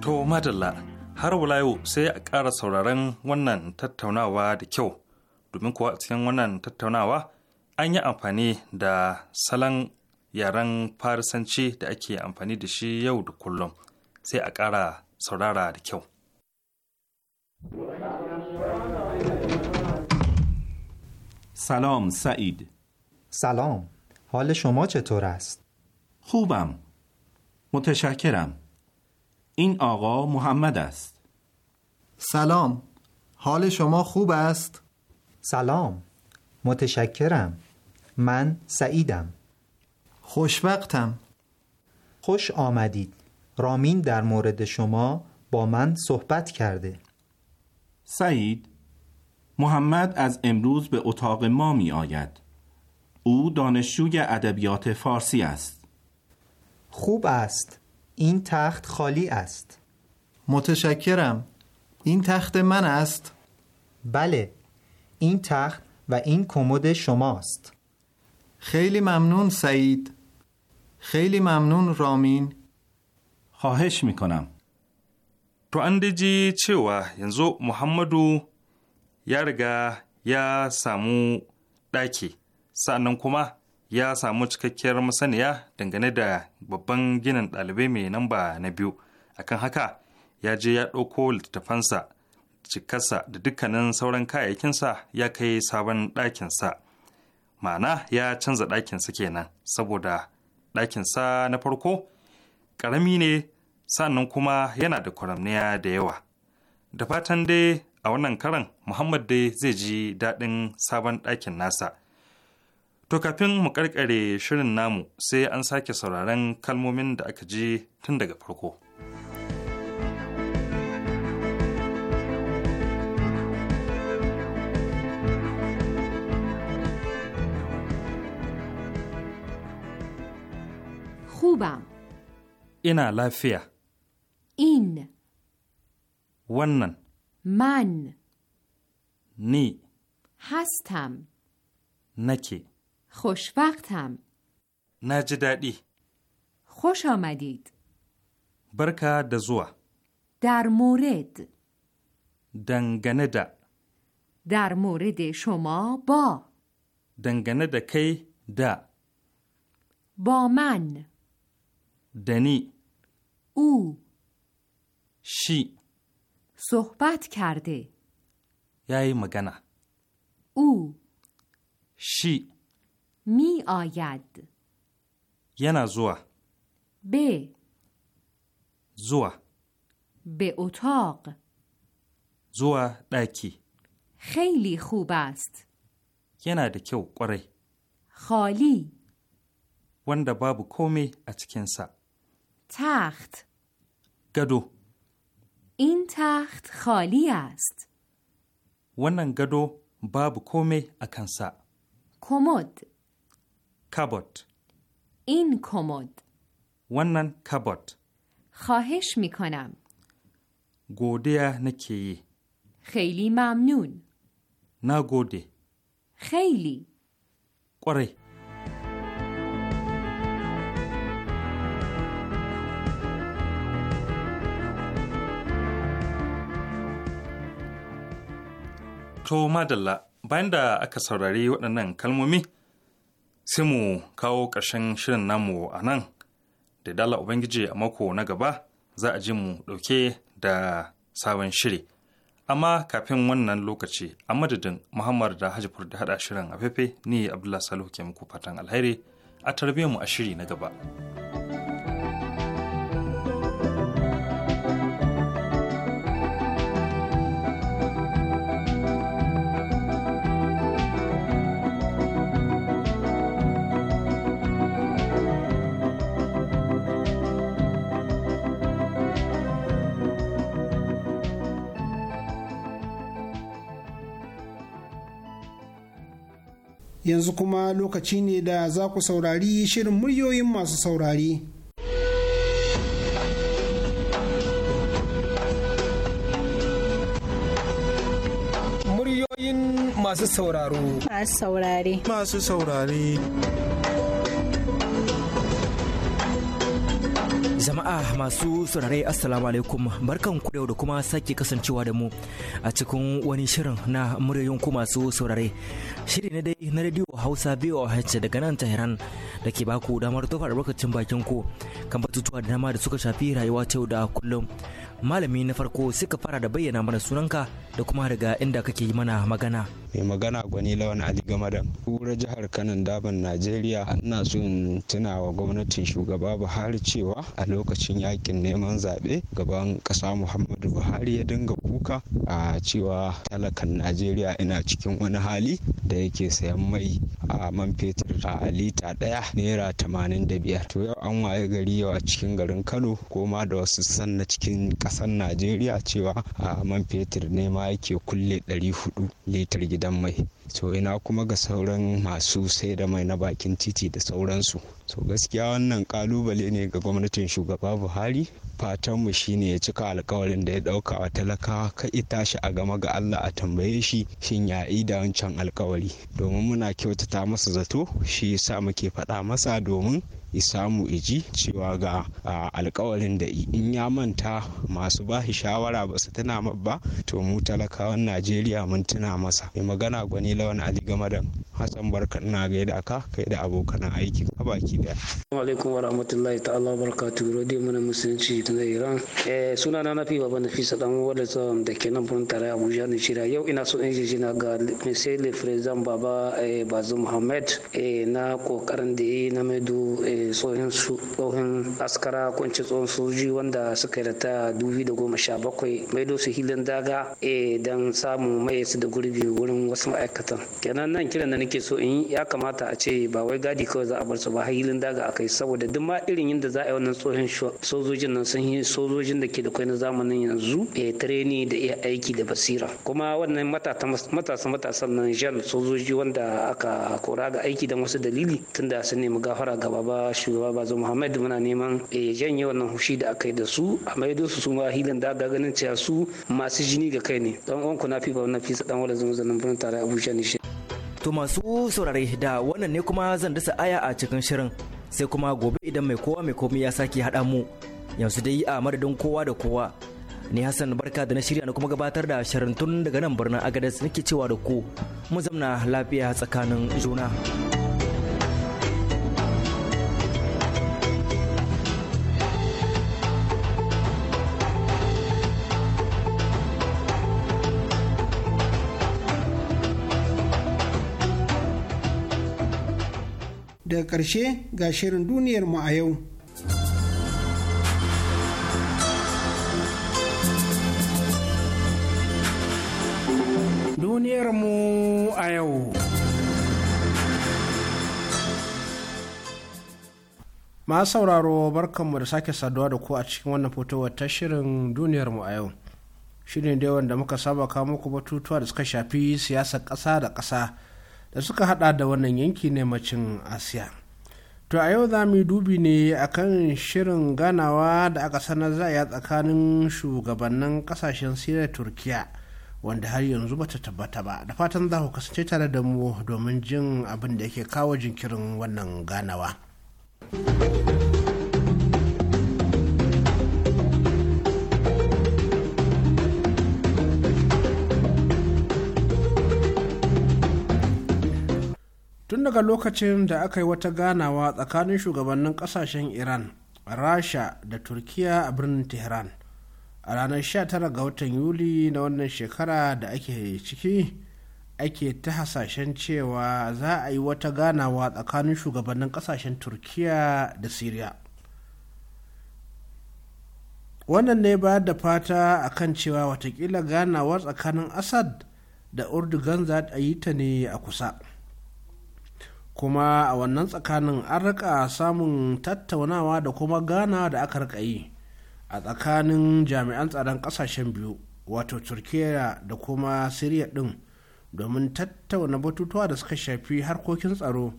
تو مدلا هر ولایو سه sai a ونن تتونا واد کیو domin kuwa a cikin wannan tattaunawa an yi amfani da salon yaren farisanci da ake amfani da shi yau da kullum sai a ƙara saurara da kyau. سلام سعید سلام حال شما چطور است؟ خوبم متشکرم این آقا محمد است سلام حال شما خوب است؟ سلام متشکرم من سعیدم خوشوقتم خوش آمدید رامین در مورد شما با من صحبت کرده سعید محمد از امروز به اتاق ما می آید او دانشجوی ادبیات فارسی است خوب است این تخت خالی است متشکرم این تخت من است بله این تخت و این کمد شماست خیلی ممنون سعید خیلی ممنون رامین خواهش میکنم تو اندیجی چوا ینزو محمدو یا رگا یا سامو داکی سانن kuma ya samu cikakkiyar masaniya dangane da babban ginin ɗalibai mai namba na biyu akan haka ya je ya ɗauko littattafansa cikarsa da dukkanin sauran kayayyakinsa ya kai sabon ɗakinsa ma'ana ya canza ɗakinsa kenan saboda ɗakinsa na farko ƙarami ne sannan kuma yana da kwaramniya da yawa da fatan dai a wannan karan muhammad dai zai ji daɗin sabon ɗakin nasa to kafin mu karkare shirin namu sai an sake sauraron kalmomin da aka ji tun daga farko. خوبم اینا لافیه این ونن من نی هستم نکی خوشوقتم نجدادی خوش آمدید برکا دزوا در مورد دنگنه دا در مورد شما با دنگنه دا کی دا با من دنی او شی صحبت کرده یای مگنا. او شی می آید ینا زوا ب زوا به اتاق زوا دکی خیلی خوب است ینا دکیو قره خالی وند بابو کومی ا تخت گدو این تخت خالی است ونن گدو باب کومه اکنسا کمد کبوت این کمد ونن کبوت خواهش میکنم. کنم گوده نکی خیلی ممنون نا گوده خیلی قره To madalla bayan da aka saurari waɗannan kalmomi sai mu kawo ƙarshen shirin namu a nan da dala Ubangiji a mako na gaba za a ji mu ɗauke da sabon shiri. Amma kafin wannan lokaci a madadin Muhammad da Hajifur da haɗa shirin a fefe ni Abdullah Salihu ke muku fatan alheri a tarbiyyar mu a shiri na gaba. yanzu kuma lokaci ne da za ku saurari shirin muryoyin masu saurari. Muryoyin masu sauraro. Masu saurare. Masu saurare. Jama'a masu saurare Assalamu alaikum barkan ku da kuma sake kasancewa da mu a cikin wani shirin na muryoyin ku masu saurare. Shiri na dai na Radio Hausa VOH daga nan Tehran da ke baku damar tofa albarkacin bakin ku kan batutuwa da dama da suka shafi rayuwa ta yau da kullum. Malami na farko suka fara da bayyana mana sunanka da kuma daga inda kake yi mana magana. mai magana gwani lawan ali gamadan kura jihar kanan daban najeriya ina so in tuna wa gwamnatin shugaba buhari cewa a lokacin yakin neman zaɓe gaban ƙasa muhammadu buhari ya dinga kuka a cewa talakan najeriya ina cikin wani hali da yake sayan mai a man fetur a lita ɗaya naira tamanin da biyar to yau an waye gari yau a cikin garin kano ko ma da wasu sanna cikin ƙasar najeriya cewa a man fetur ne ma ke kulle 400 litar gidan mai so ina kuma ga sauran masu sai da mai na bakin titi da sauransu so gaskiya wannan kalubale ne ga gwamnatin shugaba buhari fatanmu shine ya cika alkawarin da ya dauka wa talakawa ka ita shi a gama ga allah a tambaye shi shin ya yi da wancan alkawari domin muna kyautata masa zato shi yasa muke faɗa masa domin isamu iji cewa ga alkawarin da in ya manta masu bashi shawara ba su tuna ba to mu talakawan najeriya mun tuna masa mai magana gwani lawan ali gamadan hassan barka ina gaida ka kai da abokan aiki ka baki ɗaya. Assalamu alaikum wa rahmatullahi ta'ala barakatu radio mana musulunci na iran eh, suna na nafi baba nafisa dan wanda zan da ke nan burin tare abuja na yau ina so in shi na ga misai le prezan baba eh, bazu muhammad eh, na kokarin da yi na tsohon tsohon askara kwanci tsohon soji wanda suka yi ta dubi da goma sha bakwai maido su hilin daga dan samu mai su da gurbi wurin wasu ma'aikatan kenan nan kiran da nake so in ya kamata a ce ba wai gadi kawai za a bar su ba har filin daga a kai saboda duk ma irin yadda za a yi wannan tsohon sojojin nan sun yi sojojin da ke da kai na zamanin yanzu e treni da iya aiki da basira kuma wannan matasa matasan nan jan sojoji wanda aka kora ga aiki da wasu dalili da sun nemi gafara ga baba shugaba bazo muhammad muna neman e janye wannan hushi da aka yi da su a maido su su ma hilin daga ganin cewa su masu jini ga kai ne dan uwanku na fi ba na fi dan wala zama zanen birnin tare abuja ne To masu saurare da wannan ne kuma zan dasa aya a cikin shirin sai kuma gobe idan mai kowa mai komi ya sake haɗa mu yanzu dai a madadin kowa da kowa. Ni Hassan barka da na shirya na kuma gabatar da shirin tun daga nan birnin Agadez nake cewa da ku mu zamna lafiya tsakanin juna. daga ƙarshe ga shirin duniyar mu a yau duniyar mu a yau ma sauraro barkanmu da sake saduwa da ku a cikin wannan fitowar ta shirin duniyar mu a yau shirin dai wanda muka saba kawo muku batutuwa da suka shafi siyasar ƙasa da ƙasa da suka hada da wannan yanki na macin asiya to a yau za mu dubi ne akan shirin ganawa da aka sanar za a tsakanin shugabannin kasashen siriya turkiya wanda har yanzu ba ta tabbata ba da fatan za ku kasance tare da mu domin jin abin da yake kawo jinkirin wannan ganawa. daga lokacin da aka yi wata ganawa tsakanin shugabannin kasashen iran rasha da turkiya a birnin tehran a ranar 19 ga watan yuli na wannan shekara da ake ciki ake ta hasashen cewa za a yi wata ganawa tsakanin shugabannin kasashen turkiya da syria wannan ne bayar da fata a kan cewa watakila ganawa tsakanin assad da urdugan za a yi ta ne a kusa kuma a wannan tsakanin an rika samun tattaunawa da kuma gana da aka rika yi a tsakanin jami'an tsaron kasashen biyu wato turkiya da kuma siriya din domin tattauna batutuwa da suka shafi harkokin tsaro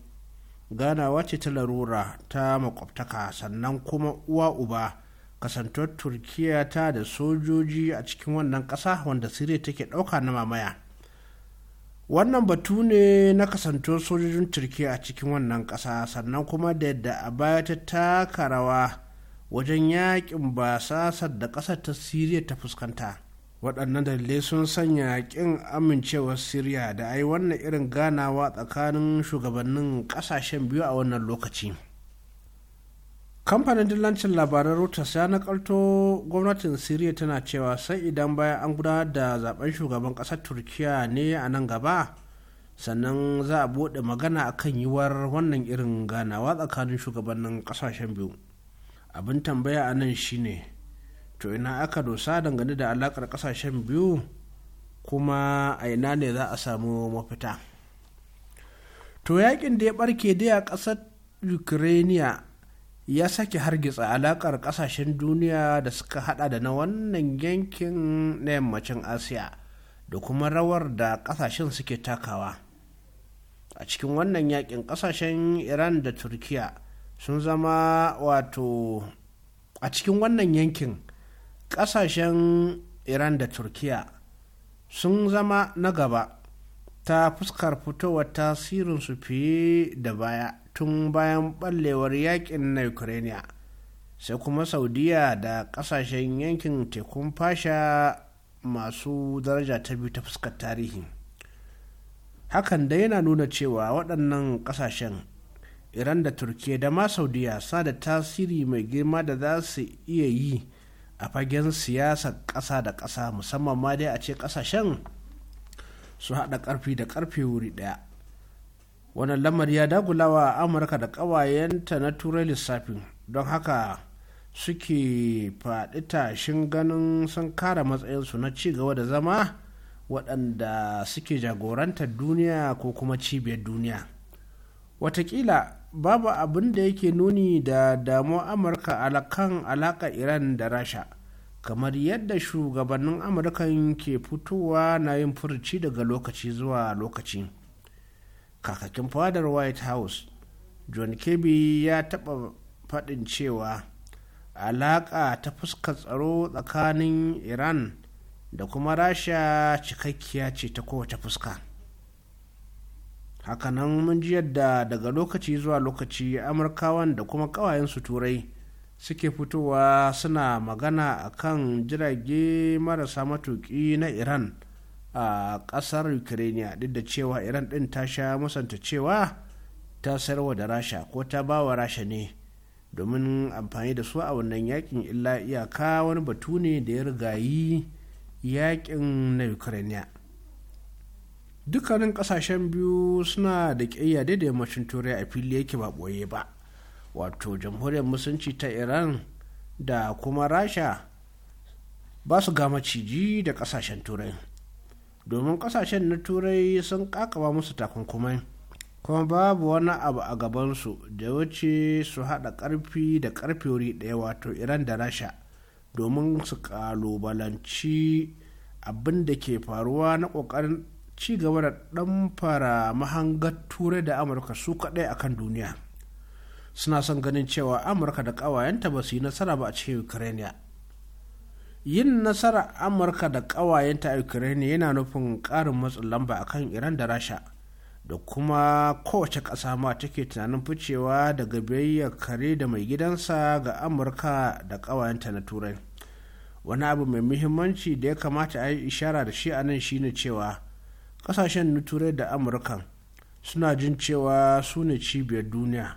ganawa ce ta larura ta makwabtaka sannan kuma uwa uba kasantar turkiya ta da sojoji a cikin wannan ƙasa wanda siriya take ɗauka na mamaya wannan batu ne na kasanto sojojin turkiya a cikin wannan ƙasa sannan kuma da yadda a baya ta taka rawa wajen yakin basasar da ƙasar ta siriya ta fuskanta waɗannan dalilai sun sanya ƙin amincewar siriya da ai wannan irin ganawa tsakanin shugabannin ƙasashen biyu a wannan lokaci kamfanin dillancin labaran reuters ya nakalto gwamnatin syria tana cewa sai idan baya an gudanar da zaben shugaban kasar turkiya ne a nan gaba sannan za a bude magana akan yiwuwar wannan irin ganawa tsakanin shugabannin kasashen biyu abin tambaya a nan shine to ina aka dosa dangane da alakar kasashen biyu kuma a ina ne za a samu mafita to yakin da ya barke dai a kasar ukraine ya sake hargitsa alakar kasashen duniya da suka hada da na wannan yankin na yammacin asiya da kuma rawar da kasashen suke takawa a cikin wannan yakin kasashen iran da turkiya sun zama wato a cikin wannan yankin kasashen iran da turkiya sun zama na gaba ta fuskar fitowar tasirinsu fiye da baya tun bayan ɓallewar yakin na ukraine sai kuma saudiya da ƙasashen yankin tekun fasha masu daraja ta biyu ta fuskar tarihi hakan da yana nuna cewa waɗannan ƙasashen iran da turkiya da ma saudiya sa da tasiri mai girma da za su iya yi a fagen siyasar ƙasa da ƙasa musamman ma dai a ce ƙasashen su haɗa ƙarfi da ƙarfe wuri ɗaya wannan lamari ya dagulawa amurka da ƙawayenta na turai lissafin don haka suke faɗi tashin ganin sun kara matsayinsu na cigaba da zama waɗanda suke jagorantar duniya ko kuma cibiyar duniya watakila babu abin da yake nuni da damu amurka alakan alaƙa iran da rasha kamar yadda shugabannin amurkan ke fitowa na yin furuci daga lokaci zuwa lokaci kakakin fadar white house john kirby ya taɓa faɗin cewa alaƙa ta fuskar tsaro tsakanin iran da kuma rasha cikakkiya ce ta kowace fuska hakanan mun ji yadda daga lokaci zuwa lokaci amurkawan da kuma ƙawayensu turai suke fitowa suna magana akan jirage marasa matuki na iran a ƙasar ukraine duk da cewa iran din ta sha musanta cewa ta sayarwa da rasha ko ta bawa rasha ne domin amfani da su a wannan yakin illa iyaka wani batu ne da ya rigayi yakin na ukraine dukkanin kasashen biyu suna da kiyaye da yammacin turai a fili yake ba ɓoye ba wato jamhuriyar musulunci ta iran da kuma rasha ba su ga maciji da kasashen turai domin kasashen na turai sun kakaba musu takunkumai kuma babu wani abu a gabansu da wuce su haɗa ƙarfi da ƙarfe wuri ɗaya wato iran da rasha domin su ƙalubalanci abin da ke faruwa na ƙoƙarin ci gaba da fara mahangar turai da amurka su kaɗai a kan duniya suna son ganin cewa amurka da ƙawayenta ba su yi nasara ba a cikin ukraine yin nasarar amurka da ƙawayenta a ukraine yana nufin ƙarin matsin lamba akan iran da rasha da kuma kowace ƙasa ma take tunanin ficewa daga biyayyar kare da mai gidansa ga amurka da ƙawayenta na turai wani abu mai muhimmanci da ya kamata a yi ishara da shi a nan shine cewa ƙasashen na turai da amurka suna jin cewa su ne cibiyar duniya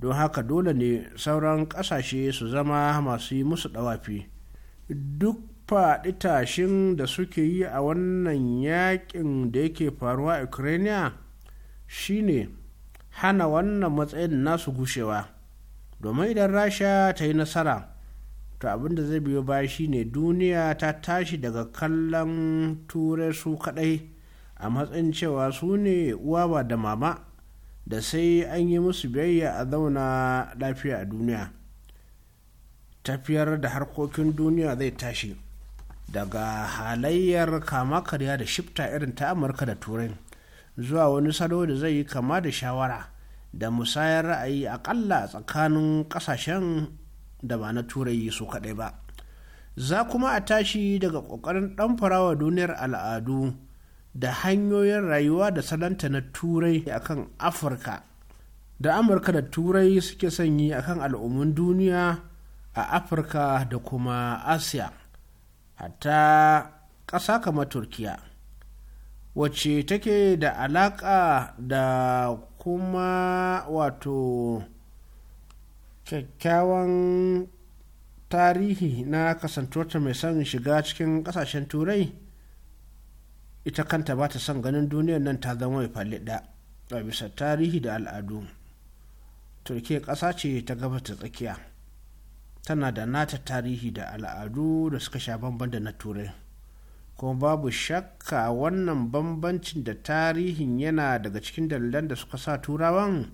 don haka dole ne sauran ƙasashe su zama masu yi musu ɗawafi. duk faɗi tashin da suke yi a wannan yakin da yake faruwa a ukraine shine hana wannan matsayin nasu gushewa domin idan rasha ta yi nasara to abin da zai biyo ba shine duniya ta tashi daga kallon turai su kadai a matsayin cewa su ne uwa ba da mama da sai an yi musu biyayya a zauna lafiya a duniya tafiyar da harkokin duniya zai tashi daga halayyar kama karya da shifta irin ta amurka da turai zuwa wani salo da zai yi kama da shawara da musayar ra'ayi akalla a tsakanin kasashen da ba na turai su kaɗai ba za kuma a tashi daga ƙoƙarin farawa duniyar al'adu da hanyoyin rayuwa da salanta na turai akan afirka da amurka da turai suke sanyi akan al'ummun duniya a afirka da kuma asiya hatta ƙasa kamar turkiya wacce take da alaƙa da kuma wato kyakkyawan tarihi na kasantuwarta mai son shiga cikin ƙasashen turai ita kanta ba ta son ganin duniyar nan ta zama mai faliɗa a bisa tarihi da al'adu turkiya ƙasa ce ta gabata tsakiya tana da nata tarihi da al'adu da suka sha bamban da na turai kuma babu shakka wannan bambancin da tarihin yana daga cikin dalilan da suka sa turawan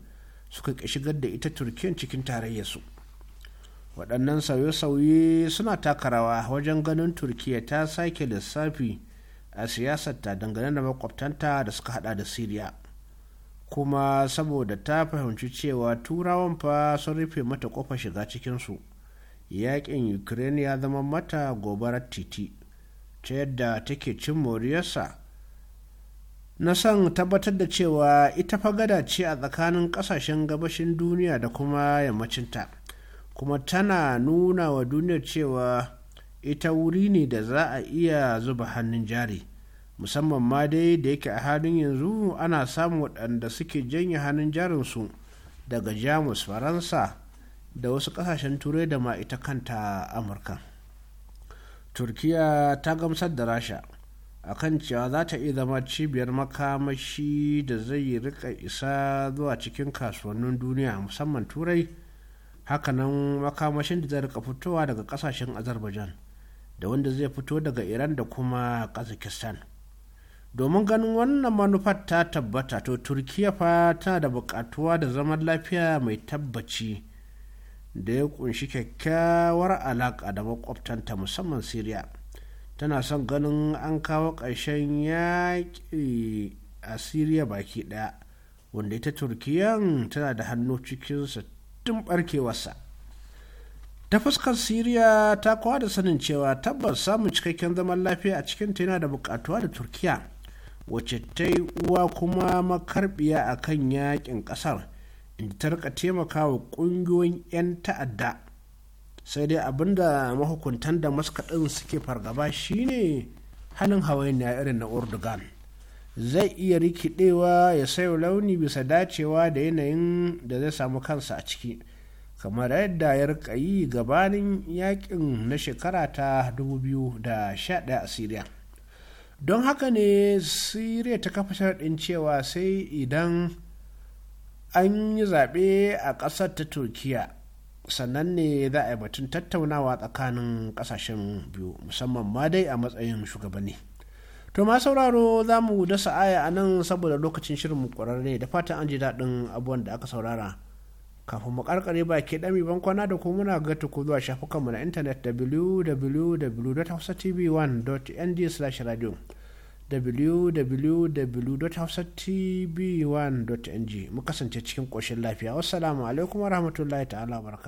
suka shigar da ita turkiyan cikin tarayyarsu waɗannan sauye-sauye suna takarawa wajen ganin turkiya ta sake lissafi a siyasarta dangane da makwabtanta da suka hada da siriya kuma saboda ta fahimci cewa turawan fa sun rufe mata ƙofar shiga cikinsu yakin ukraine ya zama mata gobarar titi ta yadda take cin moriyarsa na son tabbatar da cewa ita gada ce a tsakanin kasashen gabashin duniya da kuma yammacinta kuma tana nuna wa duniyar cewa ita wuri ne da za a iya zuba hannun jari musamman ma dai da yake a halin yanzu ana samun waɗanda suke janye hannun jarinsu daga jamus faransa da wasu kasashen turai da ma ita kanta amurka turkiya ta gamsar da rasha a kan cewa za ta iya zama cibiyar makamashi da zai rika isa zuwa cikin kasuwannin duniya musamman turai hakanan makamashin da zai rika fitowa daga kasashen azerbaijan da wanda zai fito daga iran da kuma kazakistan domin ganin wannan manufar ta tabbata to turkiya fa tana da bukatuwa da zaman lafiya mai tabbaci da ya kunshi kyakkyawar alaƙa da makwabtanta musamman syria tana son ganin an kawo ƙarshen yaƙi a syria baki ɗaya wanda ita turkiyan tana da hannu cikinsa tun barkewarsa ta fuskar syria ta kowa da sanin cewa tabbas samun cikakken zaman lafiya a cikin yana da buƙatuwa da turkiya wacce ta yi uwa kuma makarbiya a kan yaƙin ƙasar inda ta rika taimakawa ƙungiyoyin 'yan ta'adda sai dai abinda mahukuntan da ɗin suke fargaba shine halin hawainiya irin na urdugan zai iya rikidewa ya sayo launi bisa dacewa da yanayin da zai samu kansa a ciki kamar yadda ya rika yi gabanin yakin na shekara ta 2011 a syria don haka ne syria ta kafa sharaɗin cewa sai idan an yi zaɓe a ƙasar ta turkiya sannan ne za a yi batun tattaunawa tsakanin ƙasashen biyu musamman ma dai a matsayin shugabanni to ma sauraro za mu dasa aya a nan saboda lokacin shirin mu ƙwararre da fatan an ji daɗin abubuwan da aka saurara kafin mu karkare ba ke ɗami ban kwana da kuma muna ga ko zuwa shafukanmu na intanet www.hausatv1.ng/radio www.hausatv1.ng mu kasance cikin ƙoshin lafiya wassalamu alaikum rahmatullahi ta'ala wa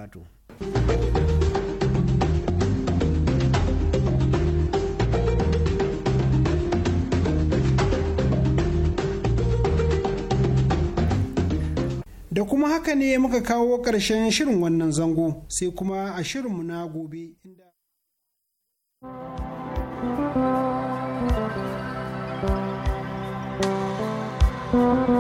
da kuma haka ne muka kawo ƙarshen shirin wannan zango sai kuma a shirinmu na gobe inda Mm-hmm.